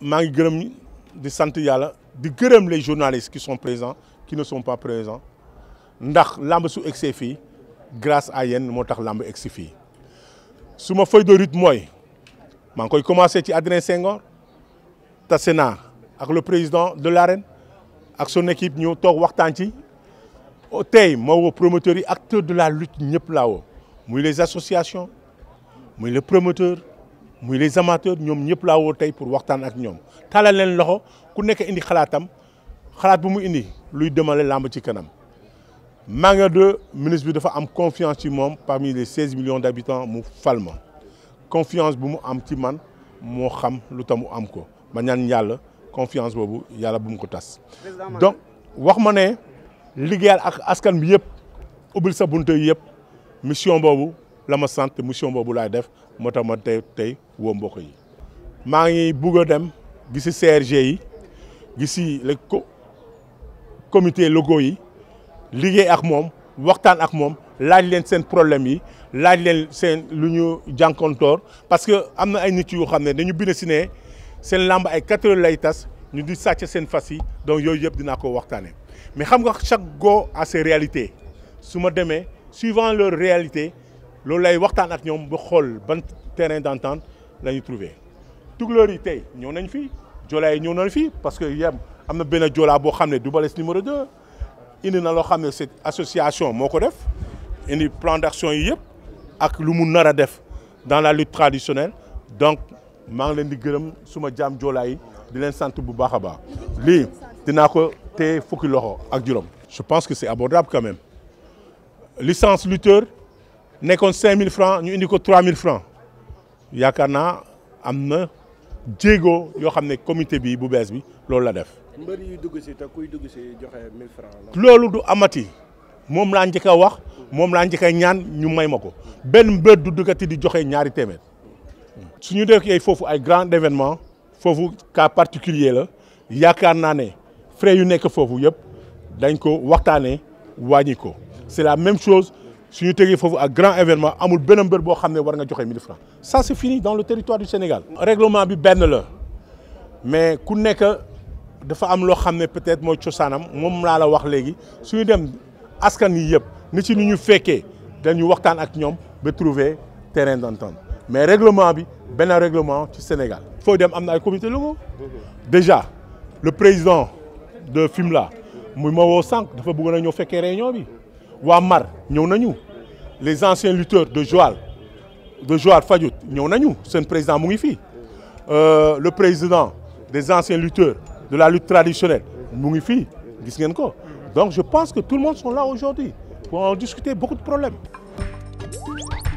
maa ngi gërëm di sant yàlla di gërëm les journalistes qui sont présents qui ne sont pas présents ndax lamb su egsee fii grace à yéen moo tax lamb egsi fii su ma feuille de route mooy maa ngi koy commencé ci Adrien Senghor tase naa ak le président de l'arène ak son équipe ñu toog waxtaan ci oh, tey moo woo promoteurs yi acteurs de la lutte ñëpp laa woo muy les associations muy le promoteur muy les amateurs ñoom ñëpp laa woo tey pour waxtaan ak ñoom taalal loxo ku nekk indi xalaatam xalaat bu mu indi luy demale làmb ci kanam Manga de ministre bi dafa am confiance ci moom parmi les 16 millions d'habitants mu fal ma confiance bu mu am ci man moo xam lu tax mu am ko ma ñaan yàlla confiance boobu yàlla bu mu ko tas donc wax ma ne liggéeyal ak askan bi yëpp ubbil sa bunte yëpp mission boobu la ma sant mission boobu laay def moo tax ma tey tey woo mbokk yi. maa ngi bugg a dem gisi CRG yi gisi le comité locaux yi liggéey ak moom waxtaan ak moom laaj leen seen problème yi laaj leen seen lu ñu jànkontoor parce que am na ay nit yu xam ne dañu bind si ne seen làmb ay quatre heures lay tas ñu di sàcc seen fas yi donc yooyu yëpp dinaa ko waxtaanee mais xam nga chaque go à ses réalités su ma demee suivant leur réalité loolu lay waxtaan ak ñoom ba xool ban terrain d'entente la ñu trouvé tukulóor yi tey ñoo nañ fi joolaa yi ñëw nañ fi parce que yem am na benn joolaa boo xam ne du bales numéro 2 indi na loo xam ne cette association moo ko def indi plan d'action yi yëpp ak lu mu nar a def dans la lutte traditionnelle donc maa ngi leen di gërëm suma jaam joolaay di leen sant bu baax a baax lii dinaa ko te fukki loxo ak juróom. je pense que c'est abordable quand même licence lutteur. nekkoon 5000 francs ñu indi ko 3000 francs yaakaar naa am na jéego yoo xam ne comité bi bu bees bi loolu la def. mbër yuy dugg si te kuy dugg si joxe 1000 francs loolu du amati moom laa njëkk a wax moom laa njëkk ñaan ñu may ma ko benn mbër du duggati di joxe ñaari téeméer su ñu dee foofu ay grand événement foofu cas particulier la yaakaar naa ne frais yu nekk foofu yëpp dañ ko waxtaanee wàññi ko c'est la même chose. su ñu tegee foofu ak grand événement amul benn mbër boo xam ne war nga joxe 1000 francs ça c'est fini dans le territoire du Sénégal. règlement bi benn la mais ku nekk dafa am loo xam ne peut-être mooy cosaanam moom laa la wax léegi suñu dem askan yi yëpp ni ci ni ñu fekkee dañu waxtaan ak ñoom be trouver terrain d'entente mais réglement bi benn règlement ci Sénégal. foo dem am na ay comités locaux déjà le président de FIMLA muy ma woo sànq dafa bëgg na ñëw fekkee réunion bi waa Mar ñëw nañu. les anciens lutteurs de Joal de Joal Fadiouth ñëw nañu seen président mu ngi fii euh, le président des anciens lutteurs de la lutte traditionnelle mu ngi fii gis ngeen ko donc je pense que tout le monde sont là aujourd'hui pour en discuter beaucoup de problèmes